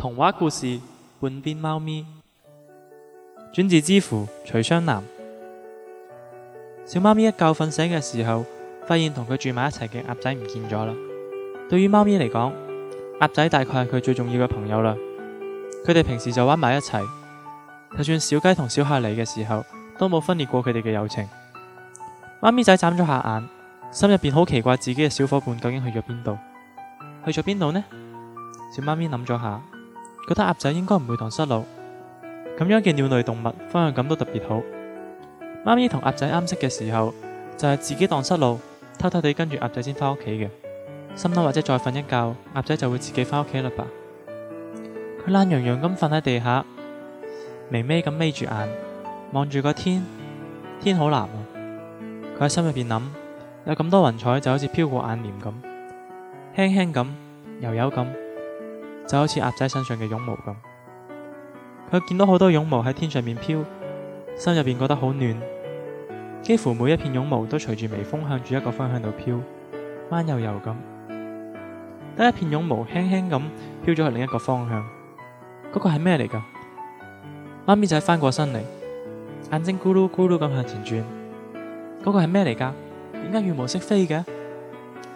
童話故事《半邊貓咪》轉至，轉自知乎徐湘楠。小貓咪一覺瞓醒嘅時候，發現同佢住埋一齊嘅鴨仔唔見咗啦。對於貓咪嚟講，鴨仔大概係佢最重要嘅朋友啦。佢哋平時就玩埋一齊，就算小雞同小蟹嚟嘅時候，都冇分裂過佢哋嘅友情。貓咪仔眨咗下眼，心入邊好奇怪自己嘅小夥伴究竟去咗邊度？去咗邊度呢？小貓咪諗咗下。覺得鴨仔應該唔會蕩失路，咁樣嘅鳥類動物方向感都特別好。媽咪同鴨仔啱識嘅時候，就係自己蕩失路，偷偷地跟住鴨仔先翻屋企嘅。心諗或者再瞓一覺，鴨仔就會自己翻屋企啦吧。佢懶洋洋咁瞓喺地下，微微咁眯住眼，望住個天，天好藍啊。佢喺心入邊諗，有咁多雲彩就好似飄過眼簾咁，輕輕咁，柔柔咁。就好似鴨仔身上嘅絨毛咁，佢見到好多絨毛喺天上面飄，心入邊覺得好暖。幾乎每一片絨毛都隨住微風向住一個方向度飄，慢悠悠咁。得一片絨毛輕輕咁飄咗去另一個方向，嗰個係咩嚟噶？媽咪仔翻過身嚟，眼睛咕嚕咕嚕咁向前轉，嗰個係咩嚟噶？點解羽毛識飛嘅？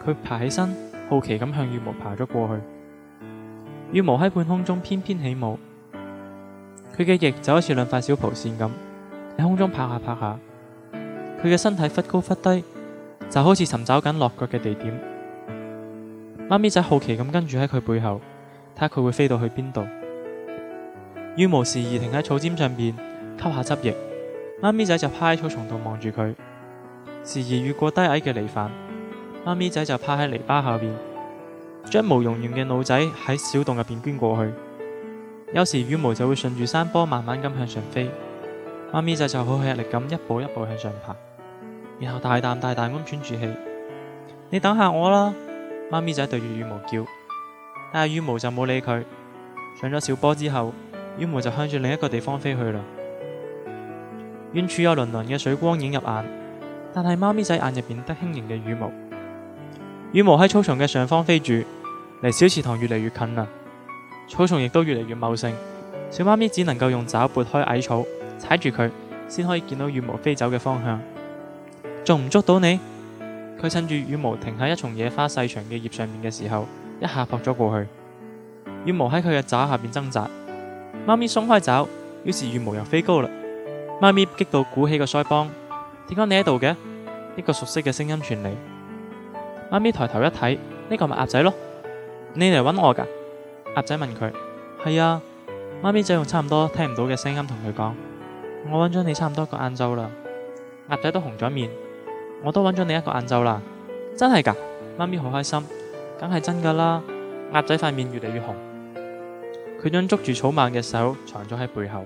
佢爬起身，好奇咁向羽毛爬咗過去。羽毛喺半空中翩翩起舞，佢嘅翼就好似兩塊小蒲扇咁喺空中拍下拍下，佢嘅身體忽高忽低，就好似尋找緊落腳嘅地點。貓咪仔好奇咁跟住喺佢背後，睇下佢會飛到去邊度。羽毛時而停喺草尖上面，吸下汁液。貓咪仔就趴喺草叢度望住佢。時而越過低矮嘅籬笆，貓咪仔就趴喺泥巴下面，將毛茸茸嘅腦仔喺小洞入邊捐過去。有時羽毛就會順住山坡慢慢咁向上飛。貓咪仔就好吃力咁一步一步向上爬，然後大啖大啖咁喘住氣。你等下我啦，貓咪仔對住羽毛叫，但係羽毛就冇理佢。上咗小坡之後，羽毛就向住另一個地方飛去啦。遠處有輪輪嘅水光影入眼，但係貓咪仔眼入邊得輕盈嘅羽毛。羽毛喺草叢嘅上方飛住，離小池塘越嚟越近啦。草叢亦都越嚟越茂盛，小貓咪，只能夠用爪撥開矮草，踩住佢，先可以見到羽毛飛走嘅方向。仲唔捉到你？佢趁住羽毛停喺一叢野花細長嘅葉上面嘅時候，一下撲咗過去。羽毛喺佢嘅爪下邊掙扎，貓咪鬆開爪，於是羽毛又飛高啦。貓咪激到鼓起個腮幫，點解你喺度嘅？一個熟悉嘅聲音傳嚟。媽咪抬頭一睇，呢個咪鴨仔咯，你嚟搵我噶？鴨仔問佢，係啊，媽咪就用差唔多聽唔到嘅聲音同佢講，我揾咗你差唔多一個晏晝啦。鴨仔都紅咗面，我都揾咗你一個晏晝啦。真係噶？媽咪好開心，梗係真噶啦。鴨仔塊面越嚟越紅，佢將捉住草蜢嘅手藏咗喺背後。